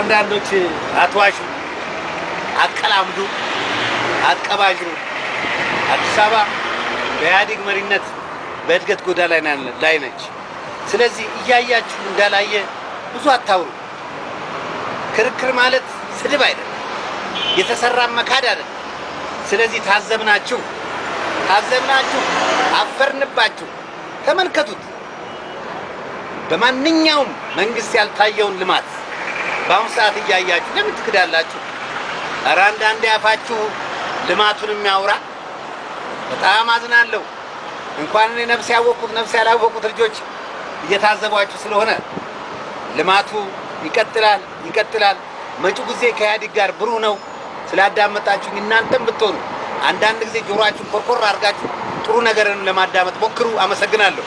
አንዳንዶች አትዋሹ፣ አቀላምዱ፣ አቀባጅሩ አዲስ አበባ በኢህአዴግ መሪነት በእድገት ጎዳ ላይ ነች። ስለዚህ እያያችሁ እንዳላየ ብዙ አታውሩ። ክርክር ማለት ስድብ አይደለም፣ የተሰራ መካድ አይደለም። ስለዚህ ታዘብናችሁ፣ ታዘብናችሁ፣ አፈርንባችሁ። ተመልከቱት በማንኛውም መንግስት ያልታየውን ልማት በአሁኑ ሰዓት እያያችሁ ለምን ትክዳላችሁ? ኧረ አንዳንዴ አፋችሁ ልማቱን የሚያውራ በጣም አዝናለሁ። እንኳን እኔ ነፍስ ያወቅኩት ነፍስ ያላወቁት ልጆች እየታዘቧችሁ ስለሆነ ልማቱ ይቀጥላል ይቀጥላል። መጪው ጊዜ ከኢህአዴግ ጋር ብሩህ ነው። ስላዳመጣችሁ እናንተም ብትሆኑ አንዳንድ ጊዜ ጆሮአችሁን ኮርኮር አድርጋችሁ ጥሩ ነገርን ለማዳመጥ ሞክሩ። አመሰግናለሁ።